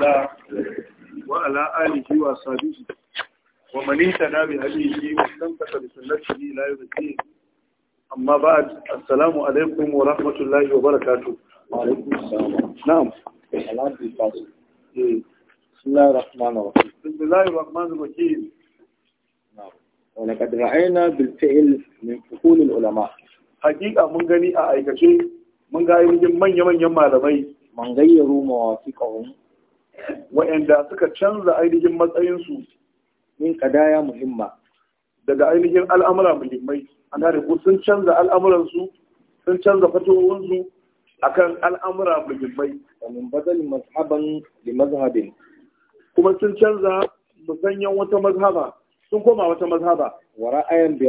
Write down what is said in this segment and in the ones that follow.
الله وعلى آله وأصحابه ومن اهتدى بهديه واستمسك بسنته لا يوم الدين أما بعد السلام عليكم ورحمة الله وبركاته وعليكم السلام نعم الآن في فاصل بسم الله الرحمن الرحيم بسم الله الرحمن الرحيم نعم ولقد رأينا بالفعل من فصول العلماء حقيقة من غني أعيكشي من غاية من من يمن يمن malamai man gayyaru mawafiqahum waɗanda suka canza ainihin matsayinsu min kadaya muhimma daga ainihin al'amura muhimmai ana gane sun canza al'amuransu sun canza fatowarsu akan al'amura muhimmai min bazalin mazhaban da mazhabin kuma sun canza musanyen wata mazhaba sun koma wata mazhaba wa ra'ayin bi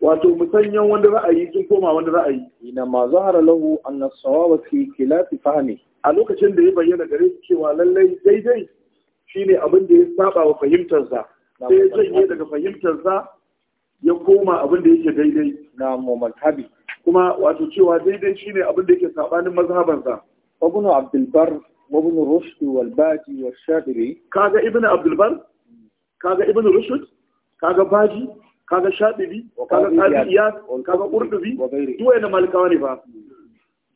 wato musanyan wanda ra'ayi sun koma wanda ra'ayi ina ma zahara lahu anna sawaba fi khilafi fahmi a lokacin da ya bayyana gare shi cewa lallai daidai shine abin da ya saba wa fahimtarsa. sai ya janye daga fahimtarsa ya koma abin da yake daidai na mazhabi kuma wato cewa daidai shine abin da yake sabanin mazhabansa sa ibn abdul bar ibn rushd wal baji wal shadiri kaga ibn abdul bar kaga ibn rushd kaga baji kaga shaɗibi kaga ƙabi'iyat kaga ƙurɗubi duk wani malikawa ne ba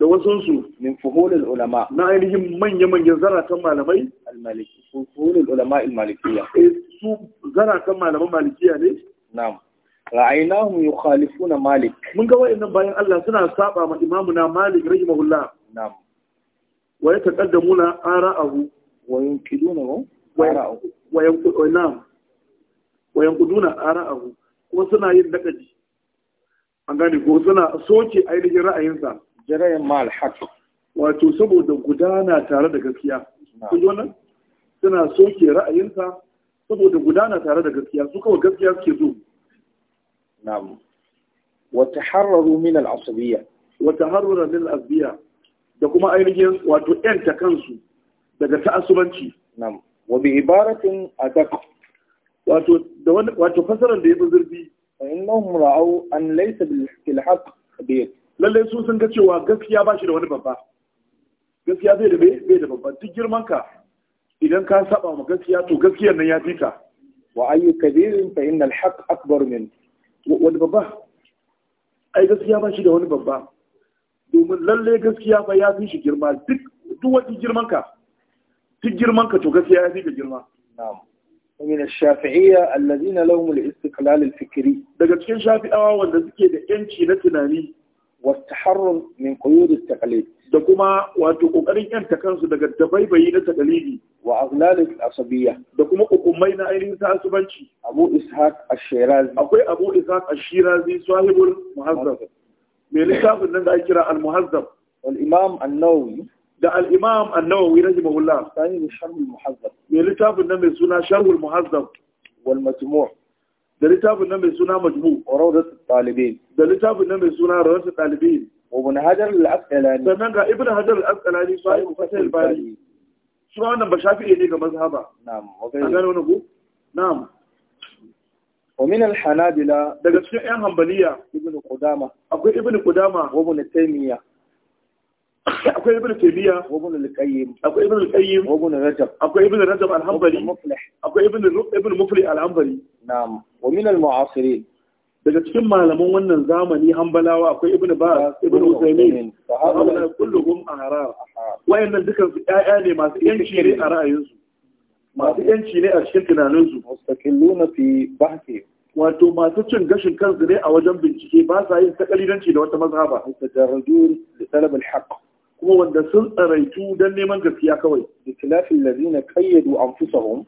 da wasansu min fuhulul ulama na ainihin manya-manyan zaratan malamai al-maliki fuhulul ulama al-malikiya eh, su zaratan malaman malikiya ne na'am ra'aynahum yukhalifuna malik mun ga wayannan bayan Allah suna saba ma imamuna malik rahimahullah na'am wa yataqaddamuna ara'ahu wa yunkiduna ara'ahu wa yanquduna ara'ahu ko suna yin nakaji an gane ko suna soke ainihin ra'ayinsa jirayen mal haq wato saboda gudana tare da gaskiya kun ji wannan suna soke ra'ayinsa saboda gudana tare da gaskiya su kawai gaskiya suke zo na'am wa taharraru min al-asabiyya wa taharraru min al da kuma ainihin wato yanta kansu daga ta'assubanci na'am wa bi ibaratin adaq wato da wani wato fasaran da yafi zurfi fa رأوا أن an بالحق خبير haqq khabir lalle su sun ga gaskiya ba shi da wani babba gaskiya bai da bai da ka idan ka saba ma gaskiya to gaskiyar nan ya fi wa wani ai gaskiya ba shi da domin lalle gaskiya ba ya fi shi girma duk wani girman ka duk girman ka to gaskiya ya fi ka girma ومن الشافعية الذين لهم الاستقلال fikiri. daga cikin shafi'awa wanda suke da yanci na tunani والتحرر من قيود التقليد da kuma wato kokarin yanta kansu daga dabaibayi na taqlidi wa aghlal al-asabiyya da kuma hukumai na ainihin asubanci. Abu Ishaq Ash-Shirazi akwai Abu Ishaq Ash-Shirazi sahibul muhazzab me littafin nan da ake kira al-muhazzab Al imam an-nawawi da al-imam an mahula. rahimahullah sahih sharh al-muhazzab ne littafin nan mai suna sharh muhazzab wal majmu' da littafin nan mai suna majmu' rawdat al-talibin da littafin nan mai suna rawdat al-talibin wa ibn hajar al-asqalani sannan ga ibn hajar al-asqalani sahih fatah al-bari shi wannan ba shafi'i ne ga mazhaba na'am wa gano ne ko na'am ومن الحنابلة دقت شيء عن حنبلية ابن قدامة أقول ابن قدامة وابن تيمية akwai ibn taymiya wa ibn al-qayyim akwai ibn al-qayyim ibn rajab akwai ibn rajab al-hanbali akwai ibn ibn muflih al-hanbali na'am wa min al-mu'asirin daga cikin malaman wannan zamani hambalawa akwai ibn baz ibn usaymin sahabban kulluhum ahrar wayannan dukan su ƴaƴa ne masu yanci ne a ra'ayinsu masu yanci ne a cikin tunaninsu mustaqilluna fi bahthi wato masu cin gashin kansu ne a wajen bincike ba sa yin takalidanci da wata mazhaba tajarrujun li talab al-haqq kuma wanda sun tsaraitu don neman gaskiya kawai da tilafin lazina kayyadu anfusahum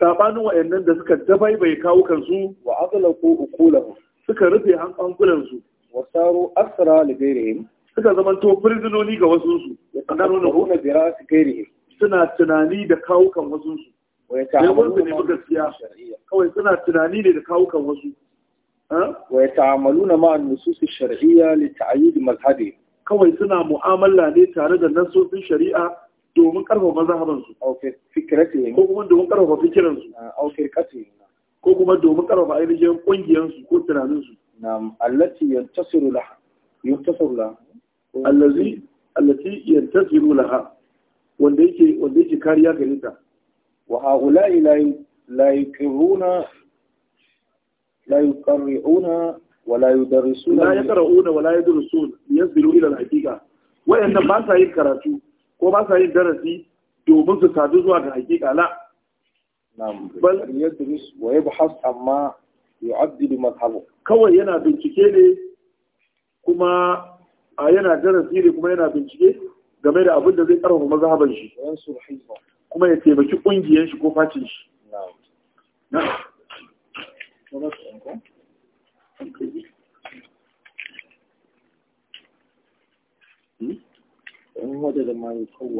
saɓanin wayannan da suka bai kawo kansu wa ko ukula suka rufe hankulan su wa saru asra li Suka suka to prisoners ga wasu su yatanaruna bi ra'si ghairihim suna tunani da kawo kan wasu su wa yata'amaluna ne gaskiya kawai suna tunani ne da kawo kan wasu wa yata'amaluna ma'a nusus shar'iyya li ta'yid mazhabihim kawai suna mu'amala ne tare da nasosin shari'a domin karfafa mazhabansu ko kuma domin karfafa fikiransu ah, ko kuma domin karfafa ainihin kungiyansu ko tunaninsu na'am allati yantasiru laha yantasiru laha allazi allati yantasiru laha wanda yake wanda yake kariya ga ta wa haula'i la la yuqirruna la yuqarri'una wala يدرسون لا يقرؤون wala يدرسون yasbiru الى الحقيقه وان ما ba sa yin karatu ko ba sa yin darasi domin su sadu zuwa ga haqiqa la bal yadris wa yabhas amma kawai yana bincike ne kuma a yana darasi ne kuma yana bincike game da abin da zai karfafa mazhaban shi kuma ya taimaki kungiyar shi ko facin shi na'am بسم الله الرحمن الرحيم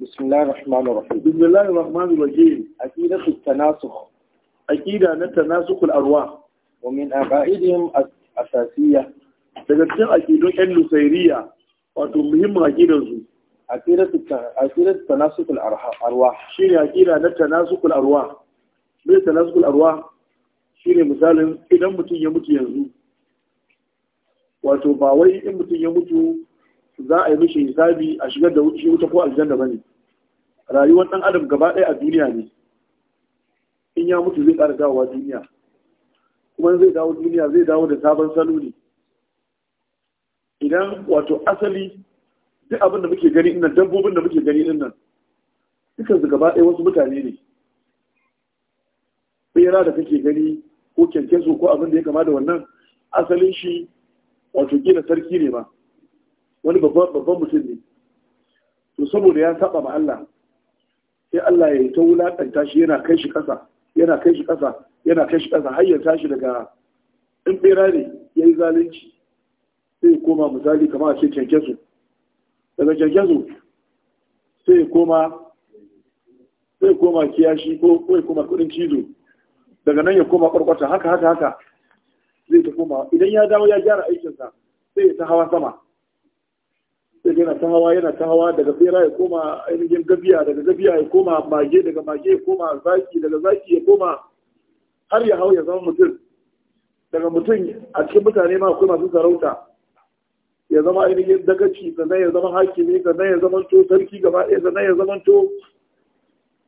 بسم الله الرحمن الرحيم أكيد التناسخ أكيد أن التناسخ الأرواح ومن أقائدهم asasiya daga cikin aƙidun yan nusairiya wato muhimmin aƙidansu aƙidar tanasukul arwa shi ne aƙida na tanasukul arwa mai tanasukul arwa shi ne misalin idan mutum ya mutu yanzu wato ba wai in mutum ya mutu za a yi mishi hisabi a shigar da shi wuta ko aljanna ba ne rayuwar ɗan adam gaba ɗaya a duniya ne in ya mutu zai ƙara dawowa duniya kuma zai dawo duniya zai dawo da sabon salo ne idan wato asali duk abin da muke gani nan dabbobin da muke gani nan dukkan su gaba ɗaya wasu mutane ne bera da kake gani ko kyankyaso ko abin da ya kama da wannan asalin shi wato gina sarki ne ma wani babban mutum ne to saboda ya saba ma Allah sai Allah ya ta wulaƙanta shi yana kai shi ƙasa yana kai shi ƙasa yana kashi shi ƙasa har tashi daga in ɓera ne ya yi zalunci sai koma misali kamar a ce kyankyaso daga kyankyaso sai koma sai koma kiyashi ko ya koma kudin cizo daga nan ya koma kwarkwata haka haka haka zai ta koma idan ya dawo ya gyara aikinsa sai ya ta hawa sama sai yana ta hawa yana ta hawa daga bera ya koma ainihin gabiya. daga gabiya ya koma mage daga mage ya koma zaki daga zaki ya koma har ya hau ya zama mutum daga mutum a cikin mutane ma akwai masu sarauta ya zama ainihin dagaci sannan ya zama hakimi sannan ya zama to sarki gaba ɗaya sannan ya zama to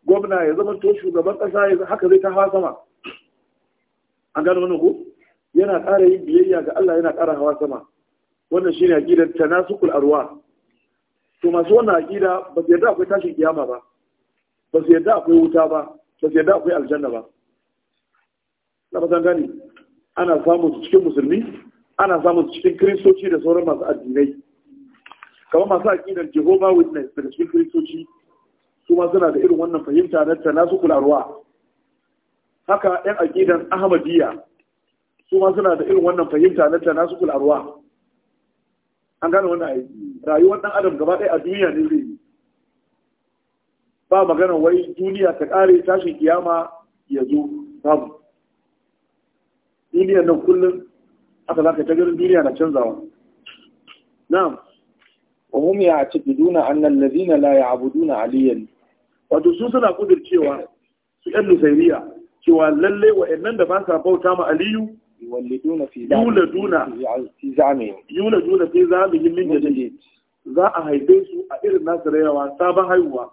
gwamna ya zama to shugaban ƙasa ya haka zai ta hawa sama an gano wani ku? yana ƙara yin biyayya ga Allah yana ƙara hawa sama wannan shi ne aƙidar tanasukul arwa to masu wannan aƙida ba su yarda akwai tashin kiyama ba ba su yarda akwai wuta ba ba su yarda akwai aljanna ba na ba gani ana samun su cikin musulmi ana samun su cikin kiristoci da sauran masu addinai kamar masu aƙidar jehovah witness daga cikin kiristoci su ma suna da irin wannan fahimta na nasu kularwa haka yan aƙidar ahmadiyya su ma suna da irin wannan fahimta na nasu kularwa an gane wannan ayi rayuwar ɗan adam gaba ɗaya a duniya ne zai yi ba magana wai duniya ta ƙare tashin kiyama ya zo babu Duniya nan kullum aka za ka ta ganin duniya na canzawa na'am wa hum ya'taqiduna anna allazina la ya'buduna aliyan wato su suna kudircewa su yan nusairiya cewa lalle wa'annan da ba sa bauta ma aliyu yuladuna fi yuladuna fi zami yuladuna fi zami min jadid za a haife su a irin nasu rayawa sabon haihuwa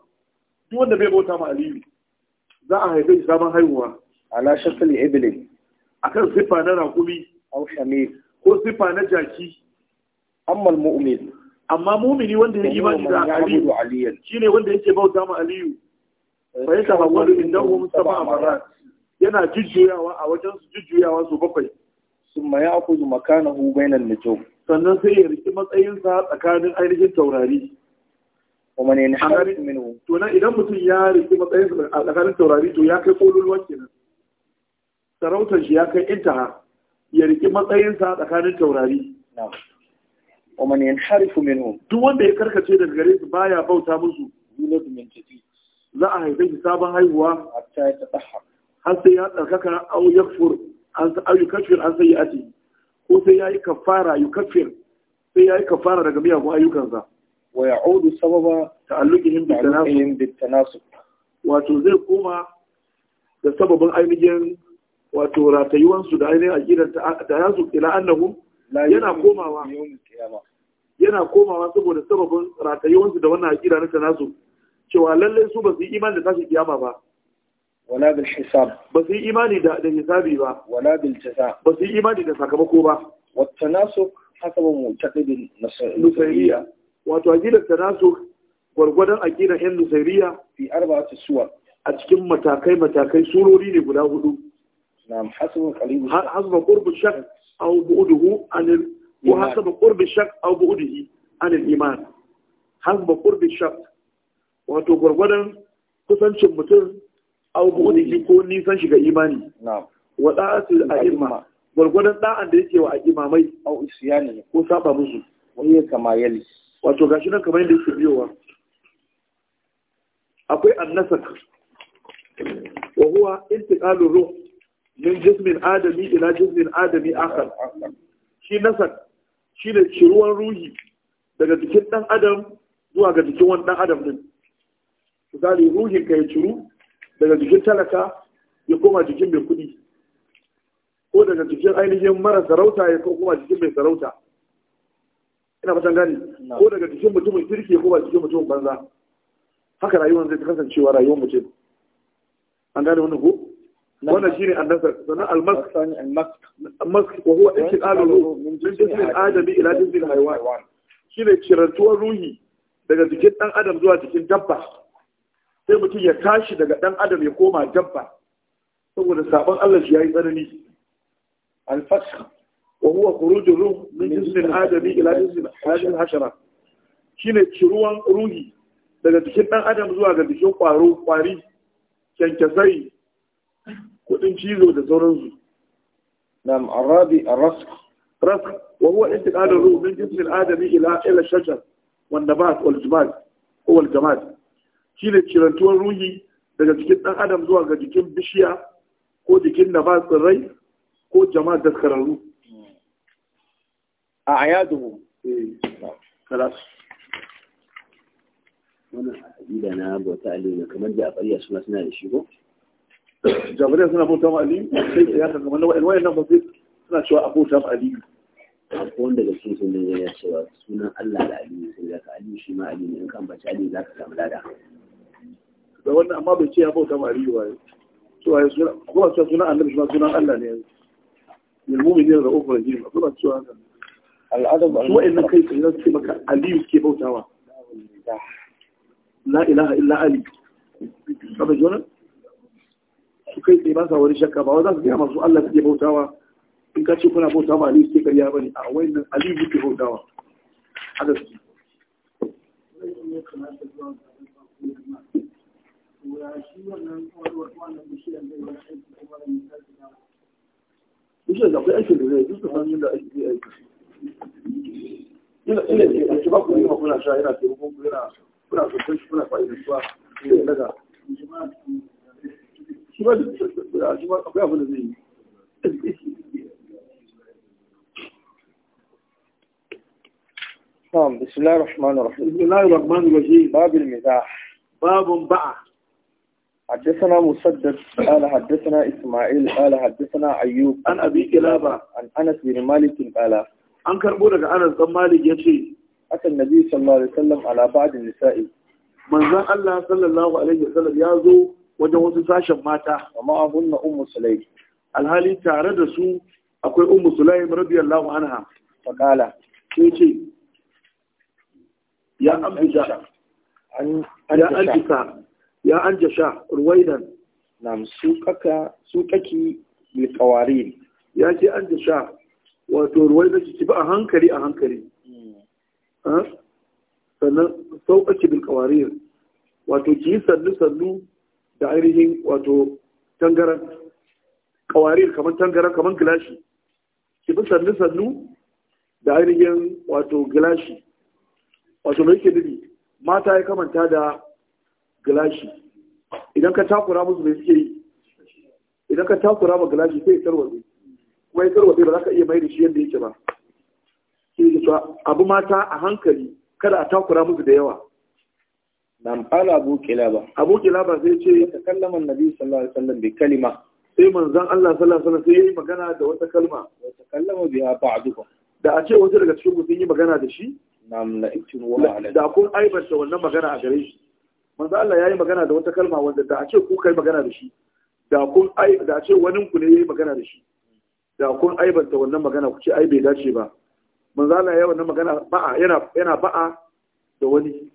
duk wanda bai bauta ma aliyu za a haife su sabon haihuwa ala shakali ibilin akan siffa na raƙumi ko siffa na jaki ammal mu'min amma mu'mini wanda ya imani da aliyu shine wanda yake bauta ma aliyu fa eh, yata hawwalu indahum sab'a marrat yana jujjuyawa a wajen su jujjuyawa su bakwai summa ya'khudhu makanahu bainal nujum sannan sai ya riki matsayinsa tsakanin ainihin taurari ومن ينحرف منه to idan mutum ya riki matsayinsa a tsakanin taurari to ya kai kololuwa kenan sarautar shi ya kai intaha ya riki matsayinsa tsakanin taurari wa man yanharifu minhum duk wanda ya karkace daga gare su baya bauta musu yulad min jadid za a haife shi sabon haihuwa hatta ya tatahhar har sai ya tsarkaka aw yakfur an aw yukaffir an sayyi'ati ko sai yayi kafara yukaffir sai yayi kafara daga miyagun ayyukansa wa ya'udu sababa ta'alluqihim bi tanasub wato zai koma da sababin ainihin wato ratayuwansu da ainihin aƙidar da ya su ila annahu yana komawa yana komawa saboda sababin ratayuwansu da wannan aƙida na tanazu cewa lallai su ba su yi imani da tashi kiyama ba wala bil hisab ba su yi imani da da hisabi ba wala bil jaza ba su yi imani da sakamako ba wa tanasuk hasaba mu'taqidin nusairiya wato aqidar tanasu gwargwadon aqidar yan nusairiya fi arba'ati suwar a cikin matakai matakai surori ne guda hudu نعم حسب قريب حسب قرب الشخص أو بعده عن ال... وحسب قرب الشخص أو بعده عن الإيمان حسب قرب الشخص wato gwargwadon kusancin mutum a buɗe ko nisan shiga imani wa a a'imma gwargwadon da'an da yake wa imamai au isyani ko saba musu wani kama yali wato gashi nan kamar yadda yake biyowa akwai annasak wa huwa min jismin adami ila jismin adami akhar shi nasar shi ne ciruwan ruhi daga jikin ɗan adam zuwa ga jikin wani ɗan adam din misali ruhin ka ya ciru daga jikin talaka ya koma jikin mai kuɗi ko daga jikin ainihin mara sarauta ya koma jikin mai sarauta ina fatan gani ko daga jikin mutumin kirki ko ba jikin mutumin banza haka rayuwar zai ta kasancewa rayuwar mutum an gane wani ko wannan shine annasar sannan almask almask wa huwa intiqalu min jinsil adami ila jinsil haywan shine cirantuwar ruhi daga jikin dan adam zuwa jikin dabba sai mutum ya tashi daga dan adam ya koma dabba saboda sabon Allah shi yayi tsanani alfash wa huwa khurujur ruh min jinsil adami ila jinsil haywan shine ciruwan ruhi daga jikin dan adam zuwa ga jikin kwaro kwari kyankyasai كتن شيزو ده سورنزو نعم الرابي الرسخ رسخ وهو انتقال الروح من جسم الآدمي إلى الى الشجر والنبات والجمال هو الجماد كيلة شرنتو الروحي ده جيكين أن آدم زوا جيكين بشيا كو جيكين نبات الري كو جماد تذكر الروح أعياده خلاص وانا حبيبنا بوتعليم كمان جاء طريقة سنة سنة jabariya suna bauta ma aliyu sai ya yaka kamar wa'in wa'in nan fasir suna cewa a bauta ma aliyu akwai wanda ga sun sun ya cewa sunan allah da aliyu sai zaka aliyu shi ma aliyu in kan bace aliyu zaka samu lada da wannan amma bai ce ya bauta ma aliyu ba cewa kuma cewa sunan annabi shi sunan allah ne ilmumi ne da ofar jini kuma cewa haka al'adab su wa'in nan kai tsaye za su ce maka aliyu suke bautawa la ilaha illa ali kafa jonas su kai tsaye ba sa wani shakka ba za su gaya masu Allah suke bautawa in ka ce kuna bauta ma Aliyu suke karya ba ne? a wayannan Aliyu suke bautawa haka suke Bishiyar da akwai aikin da zai duka san da aiki zai aiki. Ina ina ne a ba ku yi ma kuna sha yana taimakon ku yana kuna sosai kuna fa'idantuwa sai ya daga. نعم بسم الله الرحمن الرحيم بسم الله الرحمن الرحيم باب المزاح باب باع حدثنا مسدد قال حدثنا إسماعيل قال حدثنا أيوب عن أبي كلابة عن أنس بن مالك قال عن كربونك أنس بن مالك يشي أتى النبي صلى الله عليه وسلم على بعض النساء من ذا الله صلى الله عليه وسلم يازو wajen wasu sashen mata amma abunna ummu sulaim alhali tare da su akwai ummu sulaim radiyallahu anha kala sai ce ya amjasha an anjasha ya anjasha ruwaidan nam su kaki bil qawarin ya ce anjasha wato ruwaidan ki ba a hankali a hankali hmm. sannan sauƙaƙi bil qawarin wato ji sannu sannu da ainihin wato tangaran kawarir kamar tangaran kamar gilashi ki fi sannu sannu da ainihin wato gilashi wato mai ke nufi mata ya kamanta da gilashi idan ka takura musu mai suke yi idan ka takura ma gilashi sai ya tarwatsi kuma ya tarwatsi ba za ka iya mai da shi yadda yake ba shi abu mata a hankali kada a takura musu da yawa nam qala abu kilaba abu kilaba sai ce ta kallama annabi sallallahu alaihi wasallam bi kalima sai manzon Allah sallallahu alaihi wasallam sai yayi magana da wata kalma wa ta kallama biha ba'dukum da a ce wata daga cikin ku sun yi magana da shi nam la ikin wa ala da kun aibanta wannan magana a gare shi manzon Allah yayi magana da wata kalma wanda da a ce ku kai magana da shi da kun ai da a ce wani ku ne yayi magana da shi da kun aibanta wannan magana ku ce ai bai dace ba manzon Allah yayi wannan magana ba'a yana yana ba'a da wani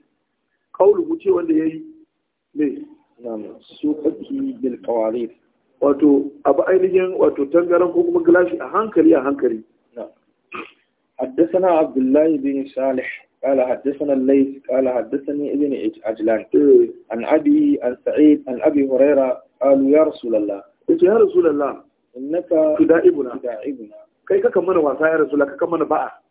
kaulu ce wanda ya yi ne su suqati bil kawari wato abu ainihin wato tangaran ko kuma gilashi a hankali a hankali حدثنا عبد الله بن صالح قال حدثنا الليث قال حدثني ابن عجلان عن ابي عن سعيد عن ابي هريره قالوا يا رسول الله قلت يا رسول الله انك Kai kakan كيف wasa واسع يا رسول الله mana بقى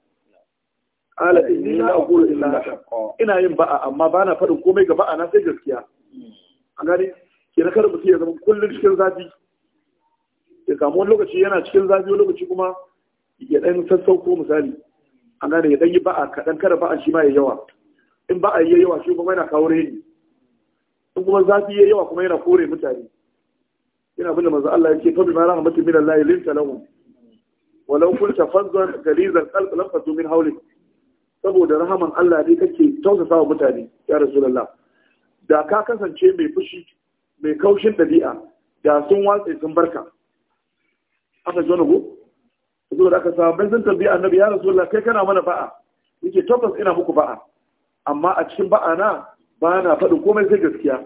qala inni la aqulu illa haqqa ina yin ba'a amma bana faɗin komai ga ba'a na sai gaskiya a gani ke na kada mutum ya zama kullum cikin zafi ya samu lokaci yana cikin zafi wani lokaci kuma ya ɗan sassauko misali a gani ya ɗan yi ba'a kadan kada ba'a shi ma ya yawa in ba'a ya yawa shi kuma yana kawo reni in kuma zafi ya yawa kuma yana kore mutane yana abinda manzo Allah ya ce fa bima rahmatin min Allah linta lahum walau kunta fazzan ghalizal qalb lam fatu min hawlik saboda rahaman Allah ne kake tausasa wa mutane ya rasulullah da ka kasance mai fushi mai kaushin ɗabi'a da sun watsa sun barka aka ji wani go saboda aka samu sun annabi ya rasulullah kai kana mana ba'a yake tabbas ina muku ba'a amma a cikin ba'a na ba na faɗin komai sai gaskiya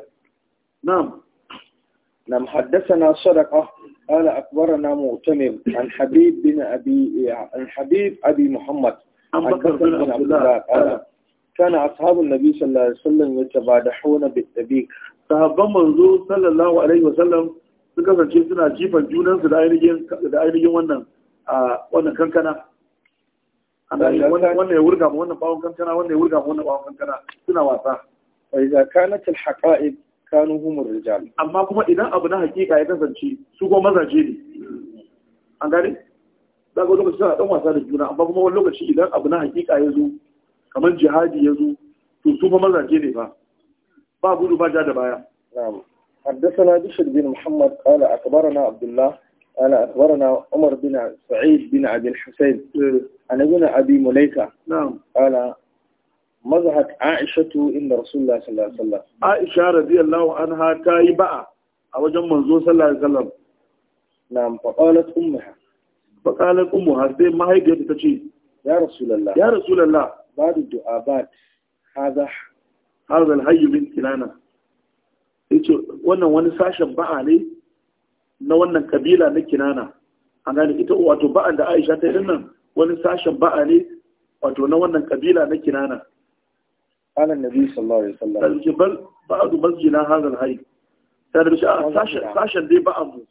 na'am nam haddathana sadaqa قال أخبرنا مؤتمر عن حبيب بن أبي عن حبيب أبي محمد an bakar bin abdullah qala kana ashabun nabi sallallahu alaihi wasallam yatabadahuna bitabiq sahabban manzo sallallahu alaihi wasallam sun kasance suna jifan junansu da ainihin da ainihin wannan a wannan kankana wannan ya wurga wannan bawon kankana wannan ya wurga wannan bawon kankana suna wasa fa idza kanat al haqa'iq kanu humur rijal amma kuma idan abu na hakika ya kasance su ko mazaje ne an gane za ga lokaci tana dan wasa da juna amma kuma wani lokaci idan abu na hakika ya zo kamar jihadi ya zo to su fa mazaje ne ba ba gudu ba ja da baya na'am حدثنا بشر بن محمد قال أخبرنا عبد الله قال أخبرنا عمر بن سعيد بن أبي الحسين عن ابن أبي مليكة نعم قال مزهت عائشة إن رسول الله صلى الله عليه وسلم عائشة رضي الله عنها تايبة أوجه منظور صلى الله عليه وسلم نعم فقالت أمها fakalar ummu har sai mahaifiyarta ta ce ya rasulallah ya rasulallah badu du'abat hadha hadha alhayy min kinana yace wannan wani sashen ba'a ne na wannan kabila na kinana an gane ita wato ba'a da Aisha ta yi nan wani sashen ba'a ne wato na wannan kabila na kinana قال النبي صلى الله عليه وسلم الجبل بعد مسجدنا هذا الحي ترى sashen sashen dai ba'a mu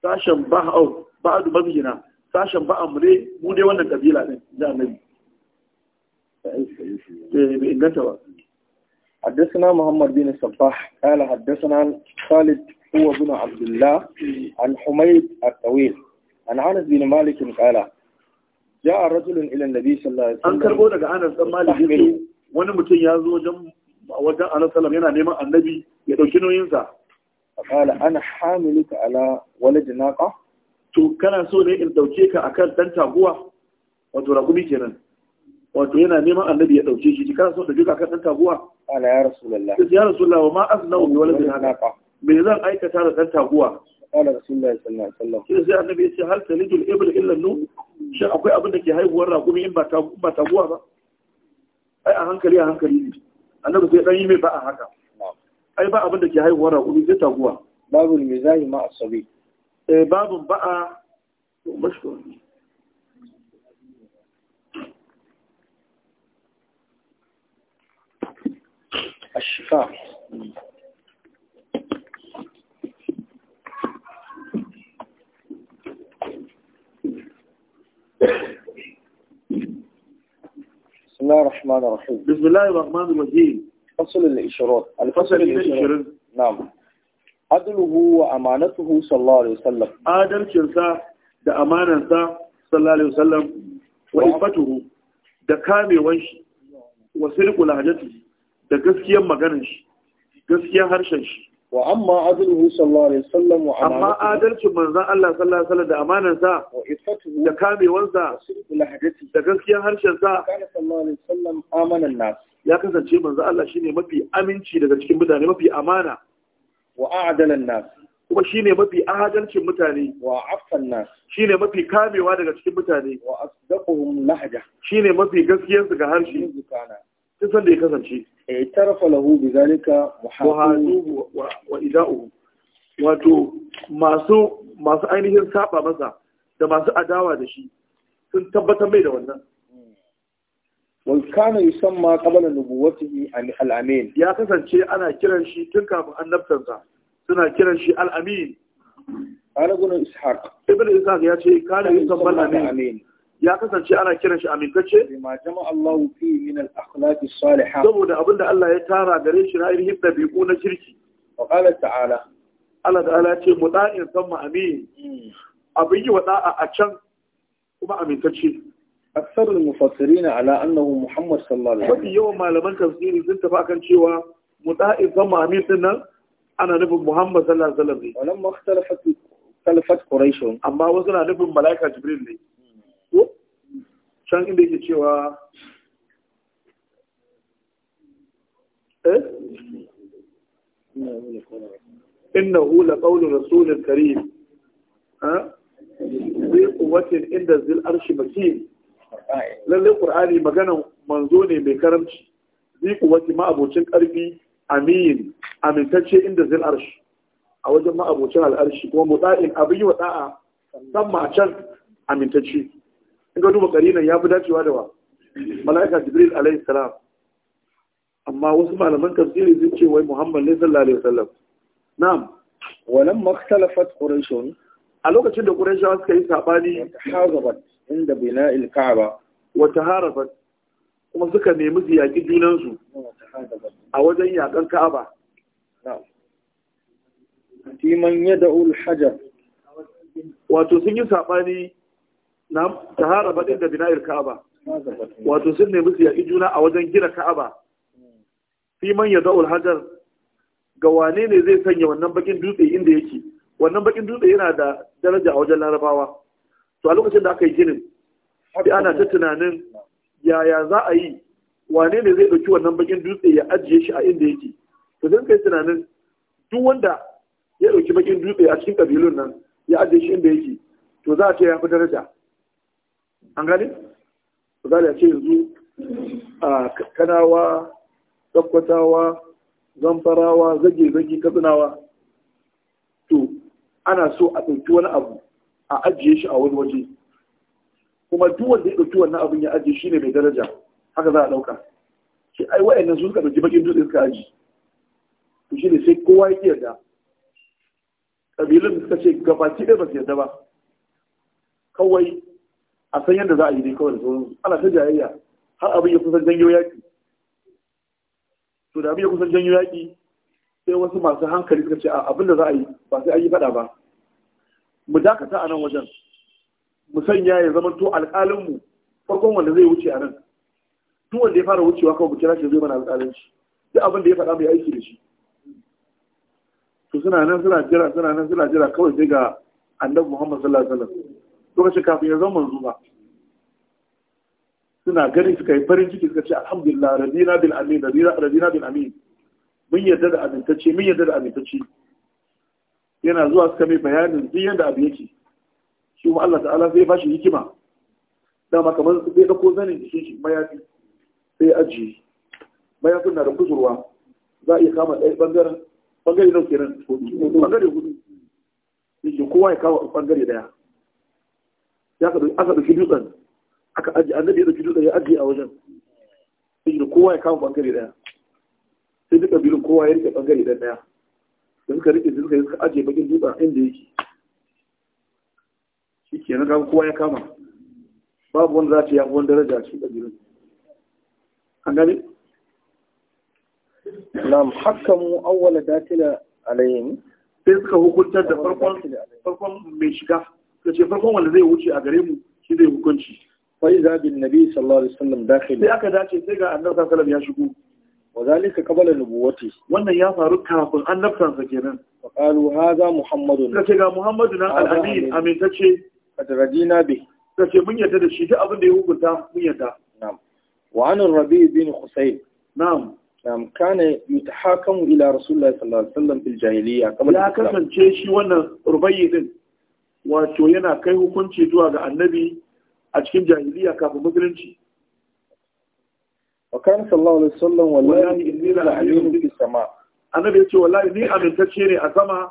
sashen ba'a ba'adu mazina sashen ba mu ne mu dai wannan kabila din da annabi eh, bai inganta ba حدثنا محمد بن الصباح قال حدثنا خالد هو بن عبد الله عن حميد الطويل عن انس بن مالك قال جاء رجل الى النبي صلى الله عليه وسلم an karbo daga anas dan malik wani mutum ya zo wajen wajen anas sallam yana neman annabi ya dauki nauyin sa qala ana hamiluka ala walad naqa to kana so ne in dauke ka akan dan taguwa wato rakumi kenan wato yana neman annabi ya dauke shi kana so da duka akan dan taguwa ala ya rasulullah ya rasulullah wa ma asnau bi walad hanaqa me zan aikata da dan taguwa ala rasulullah sallallahu alaihi wasallam sai annabi ya ce hal al ibl illa nu shi akwai abin da ke haihuwar raƙumi in ba taguwa ba ai a hankali a hankali ne annabi sai dan yi mai ba a haka ai ba abin da ke haihuwar raƙumi sai taguwa babu mizahi ma asabi babin ba'a mashkura الشفاء بسم الله الرحمن الرحيم بسم الله الرحمن الرحيم فصل الإشارات الفصل الإشارات نعم adluhu wa amanatuhu sallallahu alaihi wasallam adalcinsa da amanansa sallallahu alaihi wasallam wa ifatuhu da kamewan shi wa sirqu lahjatihi da gaskiyar maganar shi gaskiyar harshen shi wa amma adluhu sallallahu alaihi wasallam wa amma adalcin manzon Allah sallallahu alaihi wasallam da amanansa wa ifatuhu da kamewansa da gaskiyar harshen sa sallallahu alaihi wasallam amanan nas ya kasance manzon Allah shine mafi aminci daga cikin mutane mafi amana wa a'dalan nas kuma shine mafi adalcin mutane wa afsan nas shine mafi kamewa daga cikin mutane wa asdaquhum lahja shine mafi gaskiyar su ga harshe duk sanda ya kasance eh tarafa lahu bizalika zalika muhasibu wa ida'uhu wato masu masu ainihin saba masa da masu adawa da shi sun tabbatar mai da wannan wal kana yusamma qabla nubuwwatihi al-amin ya kasance ana kiran shi tun kafin annabtansa suna kiran shi al-amin ana ya ce kana yusamma al-amin ya kasance ana kiran shi amintacce bima jama'a Allahu fi min al-akhlaq as-salihah saboda abinda Allah ya tara gare shi na irin na kirki wa qala ta'ala Allah ta'ala ce muta'in samma amin hmm. a can kuma amintacce أكثر المفسرين على أنه محمد صلى الله عليه وسلم وفي يوم ما لم تفسير زلت فأكن شوى متائب ضم أمير سنة أنا نفهم محمد صلى الله عليه وسلم ولما اختلفت اختلفت قريش أما وصلنا نفهم ملائكة جبريل لي شان إنده يشيوا إيه إنه لقول رسول كريم ها ذي قوة عند ذي الأرش مكين Lallai qur'ani magana manzo ne mai karamci bi kuwati ma abocin karfi amin amintacce inda zai arshi a wajen ma abocin al'arshi kuma muta'in abin yi wa da'a san ma can amintacce in ka duba karinan ya fi dacewa da wa mala'ika jibril alayhi salam amma wasu malaman tafsiri sun ce wai muhammad ne sallallahu alaihi wasallam na'am walam makhtalafat quraish a lokacin da quraishawa suka yi sabani hazabat inda bina ilka'aba wata harafat kuma suka nemi su junansu a wajen yaƙan ka'aba timan yadda da'ul hajar wato sun yi saɓani na ta harafat inda bina ilka'aba wato sun nemi su juna a wajen gina ka'aba timan yadda da'ul hajar ga wane ne zai sanya wannan bakin dutse inda yake wannan bakin dutse yana da daraja a wajen larabawa to a lokacin da aka yi ginin sai ana ta tunanin yaya za a yi wane ne zai ɗauki wannan bakin dutse ya ajiye shi a inda yake to sai kai tunanin duk wanda ya ɗauki bakin dutse a cikin ƙabilun nan ya ajiye shi inda yake to za a ce ya fi daraja an gani, za a ce yanzu a kanawa tsakwatawa zamfarawa zage-zage katsinawa to ana so a ɗauki wani abu a ajiye shi a wani waje kuma duk wanda ya ɗauki wannan abin ya ajiye shi ne mai daraja haka za a ɗauka shi ai wa'annan su suka ɗauki bakin dutse suka aji to shi ne sai kowa ya yarda ƙabilun suka ce gabaki ɗaya ba su yarda ba kawai a san yadda za a yi ne kawai da sauransu ana ta jayayya har abin ya kusan janyo yaƙi to da abin ya kusan janyo yaƙi sai wasu masu hankali suka ce abin da za a yi ba sai an yi faɗa ba mu dakata a nan wajen mu sanya ya zama to alƙalinmu farkon wanda zai wuce a nan duk wanda ya fara wucewa kawai mu kira shi zai mana alƙalanci duk abin da ya faɗa mai aiki da shi to suna nan suna jira suna nan suna jira kawai sai ga annabi Muhammad sallallahu alaihi wasallam lokacin kafin ya zama manzo ba suna gani suka yi farin ciki suka ce alhamdulillah radina bil amin radina bil amin mun yarda da amintacce mun yarda da amintacce yana zuwa suka mai bayanin duk yadda abu yake shi kuma Allah ta'ala zai ya bashi hikima dama kamar zai ɗauko zanin jikin shi mayafi sai ajiye mayafin na da kusurwa za a iya kama ɗaya ɓangaren ɓangare nau kenan ɓangare hudu yake kowa ya kama ɓangare ɗaya ya ka aka ɗauki dutsen aka ajiye An ya ɗauki dutsen ya ajiye a wajen yake kowa ya kama ɓangare ɗaya sai duka bilin kowa ya rike ɓangare ɗaya da suka rike da suka yi suka ajiye bakin dutsen inda yake shi ke na kowa ya kama babu wanda za ta yi abuwan daraja a cikin ƙabilun an gani haka mu awwala datila alayhim sai suka hukuntar da farkon mai shiga Ka ce farkon wanda zai wuce a gare mu shi zai hukunci Faiza, iza bin nabi sallallahu alaihi wasallam dakhil sai aka dace sai ga annabi sallallahu alaihi wasallam ya shigo wa zalika qabala nubuwati wannan ya faru kafin annabtansa kenan fa qalu hadha ga muhammadu nan al-amin amintacce kadradina bi kace mun yarda da shi duk abin da ya hukunta mun yarda na'am wa an rabi bin husayn na'am na'am kana yutahakamu ila rasulullahi sallallahu alaihi wasallam fil jahiliyya qabla ya kasance shi wannan rubayyi din wato yana kai hukunci zuwa ga annabi a cikin jahiliya kafin musulunci wa kan sallallahu alaihi wasallam wallahi inni la fi sama annabi yace wallahi ni amintacce ne a sama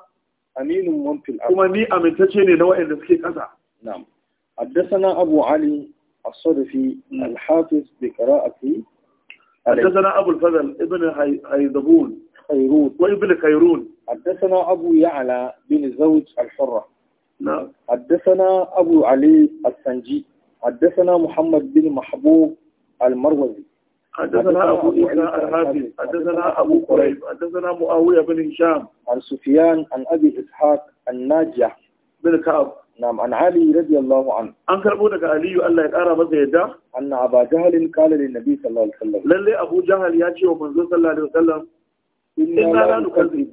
aminun man fil kuma ni amintacce ne na suke na'am حدثنا أبو علي الصدفي الحافظ بقراءة حدثنا أبو الفضل ابن هيدبون خيرون وابن خيرون حدثنا أبو يعلى بن زوج الحرة نعم حدثنا أبو علي السنجي حدثنا محمد بن محبوب المروزي حدثنا أبو عيسى الحافي حدثنا أبو قريب حدثنا معاوية بن هشام عن سفيان عن أبي إسحاق الناجح بن كعب نعم عن علي رضي الله عنه أن كربونك علي الله يقرأ ماذا يدع أن أبا جهل قال للنبي صلى الله عليه وسلم للي أبو جهل ياتي ومنزل صلى الله عليه وسلم إنا لا نكذب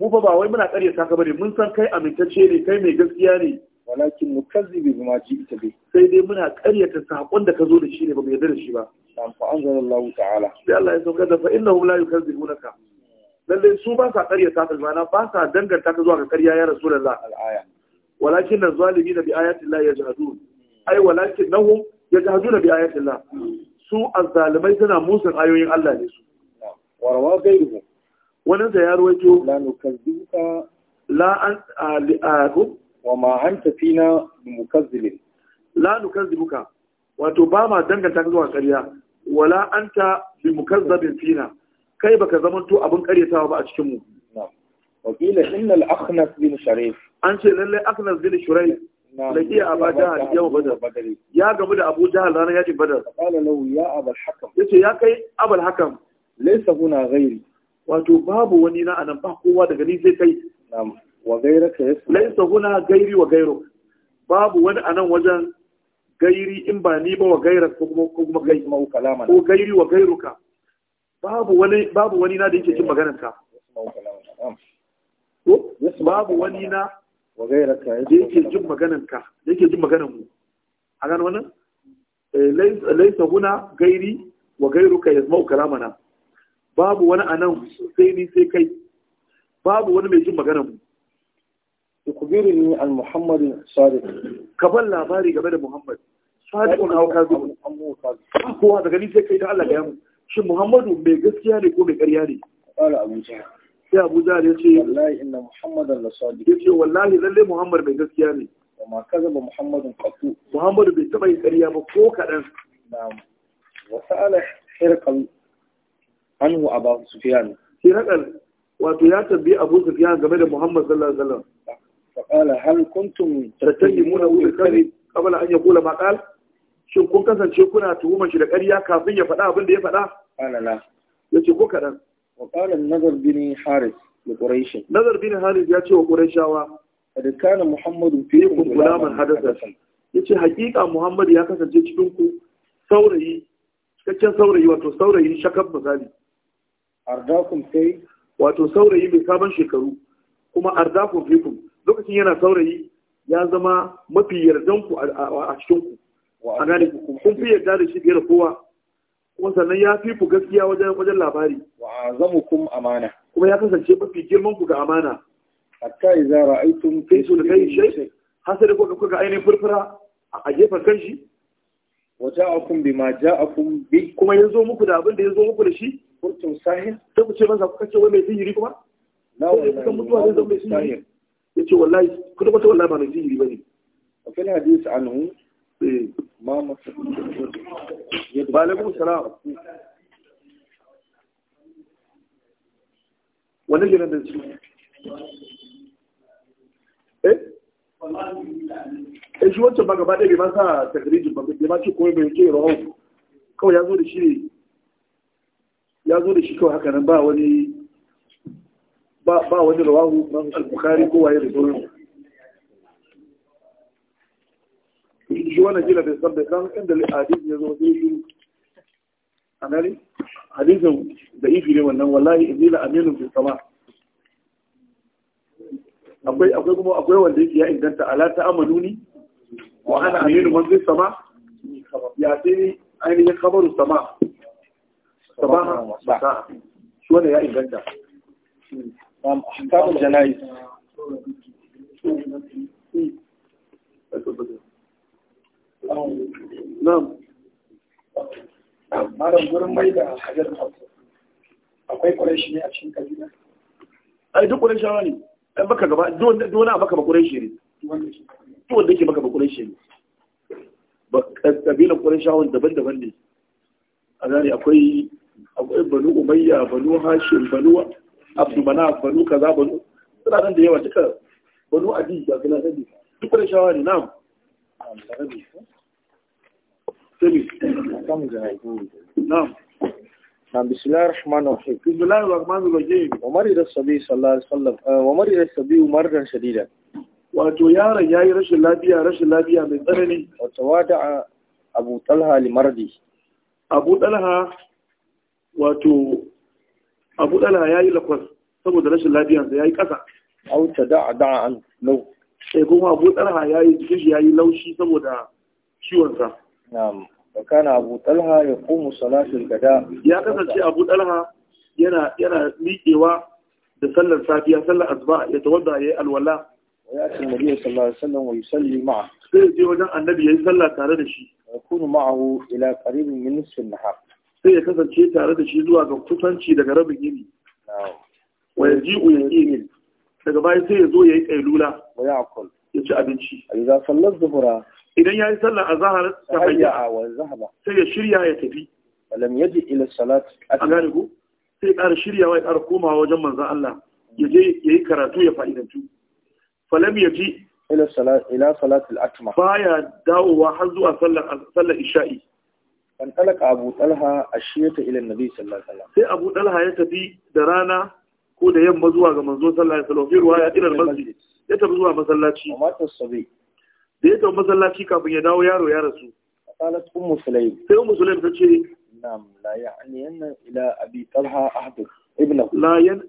mu fa ba wai muna ƙarya ta ka bane mun san kai amintacce ne kai mai gaskiya ne walakin nukazzibi bima ji'ta bi sai dai muna ƙaryata sakon da ka zo da shi ne ba mu yarda da shi ba nan fa anzala Allah ta'ala sai Allah ya saukar da fa innahum la yukadzibunaka lalle su ba sa ƙarya ta kalma na ba sa danganta ka zuwa ga ƙarya ya rasulullah al-aya walakin az-zalimin bi ayati Allah yajhadun ai walakin nahum yajhaduna bi ayati Allah su az-zalimai suna musun ayoyin Allah ne su wa rawa gairuhu wannan da ya ruwaito la nukazzibuka la an ali'akum wa ma anta fina mukazzibin la nukazzibuka wato ba ma danganta ka zuwa ƙarya wala anta bi mukazzabin fina kai baka zaman to abin karyatawa ba a cikin mu wakila inna al-akhnas bin sharif an ce lalle akhnas bin sharif laki ya abada har yau badar ya gamu da abu jahal ranar yajin badar kala lau ya abal hakam ya ce ya kai abal hakam laisa kuna gairi wato babu wani na anan ba kowa daga ni zai kai wa gairaka ya laisa kuna gairi wa gairu babu wani anan wajen gairi in ba ni ba wa gairar ko kuma kuma gairi kalama ko gairi wa gairuka babu wani babu wani na da yake jin maganar ka babu wani na wa gairuka da yake jin maganar ka da yake jin maganar mu a gano wannan eh, laisa huna gairi wa gairuka kalamana babu wani anan sai ni sai kai babu wani mai jin maganar mu يخبرني عن محمد صادق قبل labari game da Muhammad. sadiqun aw kadhibun kowa daga ni sai kai da Allah ga mu. shin Muhammadu mai gaskiya ne ko mai ƙarya ne qala Abu Jahl sai Abu Jahl ya ce wallahi inna Muhammadan la sadiq ya ce wallahi lalle Muhammad mai gaskiya ne amma Muhammadun qatu Muhammadu bai taba yin ƙarya ba ko kadan na'am wa sa'ala hirqal anhu Abu Sufyan hirqal wato ya tabbi Abu Sufyan game da Muhammad sallallahu alaihi wasallam فقال هل كنتم تتهمونه بالكذب قبل ان يقول ما قال؟ shin kun kasance kuna tuhumar shi da ƙarya kafin ya faɗa abin da ya faɗa alala ce ko kaɗan wa qala nazar bini haris da quraish nazar bini haris ya ce wa A da kana muhammadu fiikum hadasa. Ya ce hakika Muhammadu ya kasance cikin ku saurayi cikakken saurayi wato saurayi shakar misali kun sai wato saurayi mai sabon shekaru kuma fi kun. lokacin yana saurayi ya zama mafi yardanku a cikin ku a gane ku kun fi yarda da shi fiye da kowa kuma sannan ya fi ku gaskiya wajen wajen labari wa azamukum amana kuma ya kasance mafi girman ku ga amana hatta idza ra'aytum fi shi. shay hasar ku ga ainihin furfura a gefen kanshi wa ja'akum bima ja'akum bi kuma yanzu muku da abin da yanzu muku da shi furtun sahih sai ku ce masa ku kace wai mai sihiri kuma na wannan mutuwa zai zama mai sihiri yace wallahi ku tabbata wallahi ba mai sihiri bane wa fil hadith anhu ma masa ba alaikum salam wani gidan da su eh? eh shi wancan ba gaba ɗaya bai ma sa takarijin ba bai ma ce komai bai ce rahon kawai ya zo da shi ya zo da shi kawai haka nan ba wani ba wani rawahu al-bukhari ko waye da sauran wannan kila bai san bai san inda hadisi ya zo sai shi a gani hadisin da ifi ne wannan wallahi inna aminu fi sama akwai akwai kuma akwai wanda yake ya inganta ala ta amanu ni? wa ana aminu man fi sama ya sai ainihin kabaru sama sama masa shi wanda ya inganta kamun janayi Akwai ƙwarai ne a cikin kabila? duk ƙwarai shawa ne. baka gaba, duk wanda baka ba ƙwarai ne. Kabilan ƙwarai shawa daban-daban ne. A akwai banu umayya banu hashim banu banu kaza banu suna nan da yawa duka banu adi ga duk ƙwarai shawa ne na'am نعم. نعم، بسم الله الرحمن الرحيم بسم الله الرحمن الرحيم ومرض الصبي صلى الله عليه وسلم آه، ومرض الصبي مرضا شديدا واتو يا يا رسول الله يا رسول الله يا من ترني وتوادع ابو طلحه لمرضي ابو طلحه واتو ابو طلحه يا لكوس سبب رسول الله يا يا قزا او تدع دعا لو sai kuma abu talha ya yi jikin ya yi laushi saboda ciwonsa na'am kana abu talha ya komu salatul gada ya kasance abu talha yana yana miƙewa da sallar safiya sallar azba ya tawadda yayi alwala ya ce nabi sallallahu alaihi wasallam wa yusalli ma'a sai je wajen annabi ya yi sallah tare da shi Ya kuna ma'ahu ila qaribin min nisfin nahar sai ya kasance tare da shi zuwa ga kusanci daga rabin yini wa yaji'u yaqin daga baya sai ya zo ya yi ƙailula ya ci abinci idan sallar zuhura idan ya yi sallar a zahar ta hayya sai ya shirya ya tafi lam yaji ila salat A gane ko sai ya ƙara shiryawa ya ƙara komawa wajen manzon Allah ya je ya yi karatu ya fa'idantu falam ya ji ila salat al-atma baya dawowa har zuwa sallar sallar isha'i an talaka abu talha ashiyata ila nabi sallallahu alaihi wasallam sai abu talha ya tafi da rana ko da yamma zuwa ga manzo sallallahu alaihi wasallam ruwaya ila al masjid ya tafi zuwa masallaci mata sabi da ya tafi masallaci kafin ya dawo yaro ya rasu qalat ummu sulaym sai ummu sulaym ta ce na'am la ya'ni anna ila abi talha ahdu ibnu la yan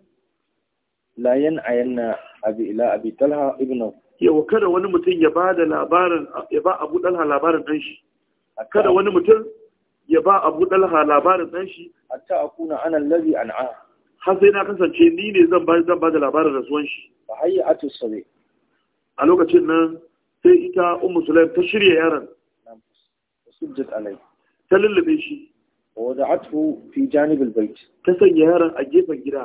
la yan ayanna abi ila abi talha ibnu yawa kada wani mutum ya ba da labarin ya ba abu talha labarin dan shi kada wani mutum ya ba abu talha labarin dan shi hatta akuna ana allazi an'a har sai na kasance ni ne zan ba zan ba da labarin rasuwan shi ba hayya atu sare a lokacin nan sai ita ummu sulaim ta shirya yaron sujjat alai ta lullube shi wa da'atuhu fi janibil bayt ta sanya yaran a gefen gida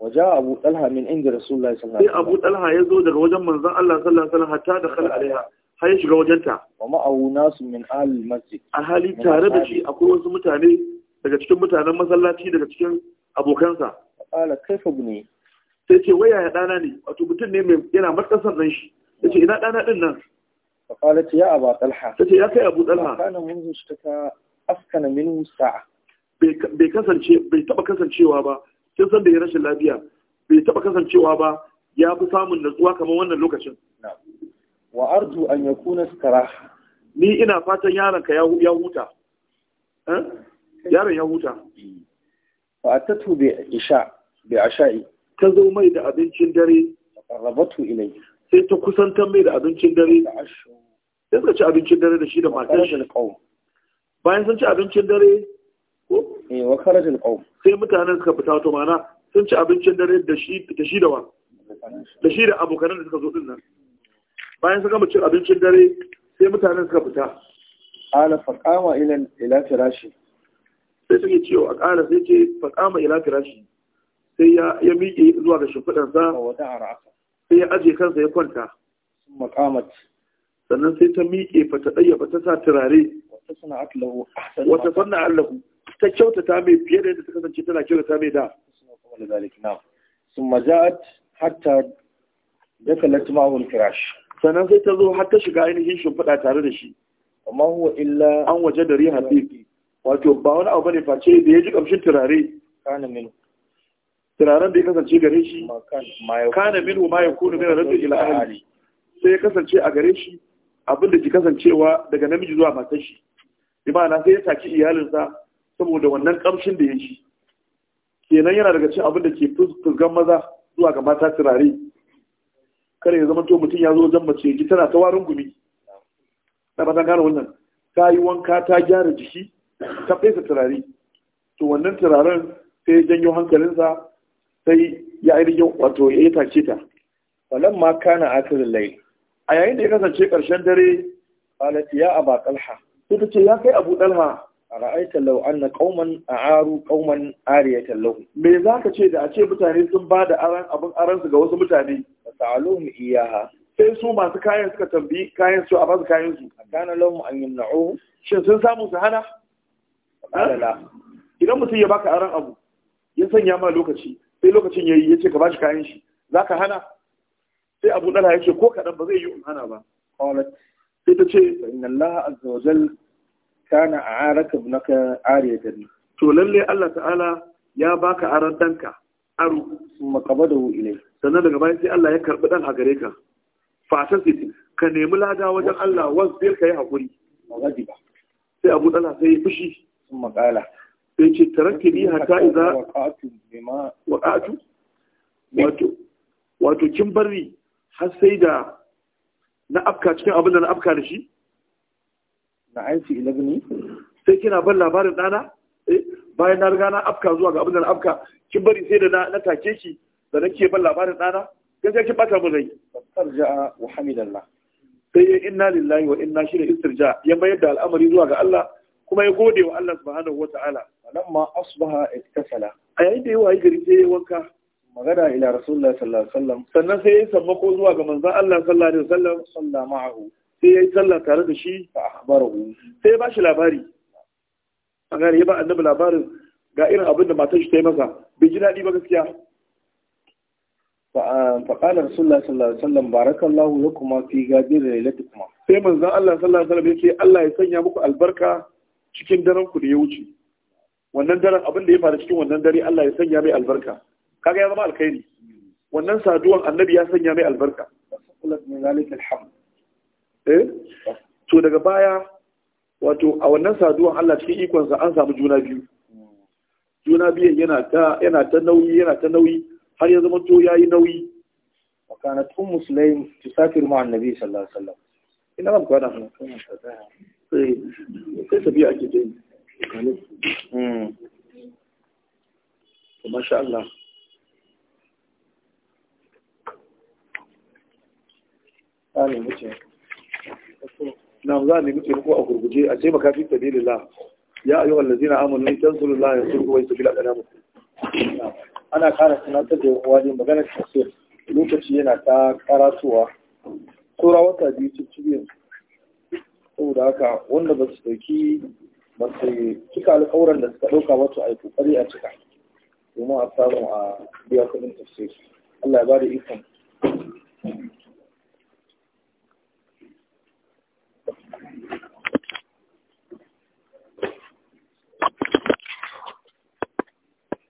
waja abu talha min inda rasulullahi sallallahu alaihi wasallam sai abu talha yazo daga wajen manzon Allah sallallahu alaihi wasallam hatta dakhala alaiha har ya shiga wajenta wa ma'ahu nasu min ahli masjid a hali tare da shi akwai wasu mutane daga cikin mutanen masallaci daga cikin abokansa ala fa gune. sai ce waya ya dana ne wato mutum ne mai yana matsasan dan shi ce ina dana din nan فقالت يا أبا طلحة تتي يا أبو طلحة كان منذ اشتكى أسكن min sa'a. bai kasance bai taba kasancewa ba sai san da ya rashin lafiya bai taba kasancewa ba ya fi samun natsuwa kamar wannan lokacin wa arju an yakuna skara ni ina fatan yaron ka ya huta eh? yaron ya huta eh. fa'atatu bi isha bi asha'i ta zo mai da abincin dare rabatu ilai sai ta kusantar mai da abincin dare da sai suka ci abincin dare da shi da matar shi bayan sun ci abincin dare ko eh wa kharajal qawm sai mutanen suka fita to mana sun ci abincin dare da shi da shi da wa da shi da abokan da suka zo din nan bayan suka gama abincin dare sai mutanen suka fita ala faqama ila ila firashi sai suke cewa ƙara sai ce faƙama ila firashi sai ya miƙe zuwa ga shimfiɗarsa sai ya aje kansa ya kwanta makamat sannan sai ta miƙe fa ta ɗayyaba ta sa turare wata sanna allahu ta kyautata mai fiye da yadda ta kasance tana kyautata mai da maza'at hatta حتى دخلت معه firash sannan sai ta zo har ta shiga ainihin shimfiɗa tare da shi amma huwa illa an waje da rihar biyu wato ba wani abu ne face da ya ji kamshin turare kana minu turaren da ya kasance gare shi kana minu ma ya kunu mina rasu ila ahali sai ya kasance a gare shi abin da ke kasancewa daga namiji zuwa matar shi bi ma'ana sai ya saki iyalinsa saboda wannan kamshin da ya ji kenan yana daga cikin abin da ke fuskan maza zuwa ga mata turare kare ya zama to mutum ya zo wajen mace ji tana ta warin gumi na ba ta gane wannan ta yi wanka ta gyara jiki ta fesa turare to wannan turaren sai ya janyo hankalinsa sai ya ainihin wato ya yi tace ta falan ma kana akirin lai a yayin da ya kasance karshen dare alati ya aba talha sai ta ce ya kai abu dalha a ra'aita lau an na ƙauman a aru ƙauman ariya tallau me za ka ce da a ce mutane sun ba da aran abin aransu ga wasu mutane ba sa'alu mu iyaha sai su masu kayan suka tambayi kayan su a basu kayan su a gane lau an yi na'o shin sun samu su hana idan mutum ya baka aran abu ya sanya ma lokaci sai lokacin ya yi, ya ce ka bashi kayan shi za ka hana sai abu dala ya ce ko kaɗan ba zai yi in hana ba sai ta ce inna Allah azza wa jal kana a'araka ibnaka ariyatan to lalle Allah ta'ala ya baka aran danka aro kuma wu ilai sannan daga bayan sai Allah ya karbi dan a gare ka fatan sai ka nemi lada wajen Allah wasu ka yi hakuri sai abu dala sai ya fushi sun makala sai ce tarakki bi hatta idza waqa'tu bima waqa'tu wato wato kin bari har sai da na afka cikin abin da na afka da shi na aiki ilagni sai kina ban labarin dana eh, bayan na riga na afka zuwa ga abin da na afka kin bari sai da na take shi da nake ban labarin dana gaskiya kin bata mun rai tarja'a wa hamidallah sai inna lillahi wa inna shi da istirja ya mayar da al'amari zuwa ga Allah kuma ya gode wa Allah subhanahu wata'ala lamma asbaha ittasala a yayin da yawa gari sai ya wanka magana ila rasulullahi sallallahu alaihi wasallam sannan sai ya sammako zuwa ga manzon Allah sallallahu alaihi wasallam salla ma'ahu sai ya yi sallah tare da shi fa akhbarahu sai ya bashi labari a ya ba annabi labarin ga irin abin da matar shi ta yi masa bai ji daɗi ba gaskiya faƙalar ah, sallallahu alaihi wasallam barakallahu lakuma fi gadir lailatikum sai manzon Allah sallallahu alaihi wasallam yake Allah ya sanya muku albarka cikin daren ku da ya wuce wannan daren abin da ya faru cikin wannan dare Allah ya sanya mai albarka kaga ya zama alkhairi wannan saduwan annabi ya sanya mai albarka eh to daga baya wato a wannan saduwan Allah cikin ikonsa an samu juna biyu juna biyan yana ta yana ta nauyi yana ta nauyi har ya zama to yayi nauyi wa kanat ummu sulaim tusafir ma'an annabi sallallahu alaihi wasallam ina da hannu sai tafiya ake ta yi hmm. masha Allah za a nemi taimako a gurguje a ce makafi sabilillah ya ayyuhal ladzina amanu tansurullaha yansurkum wa yusabbilu aqdamakum ana kara tunatar da uwa ne magana sosai lokaci yana ta karatuwa tsora wata biyu cikin saboda haka wanda ba su dauki ba su cika alkawuran da suka ɗauka wato a yi kokari a cika domin a samu a biya kudin tafsir Allah ya ba da ikon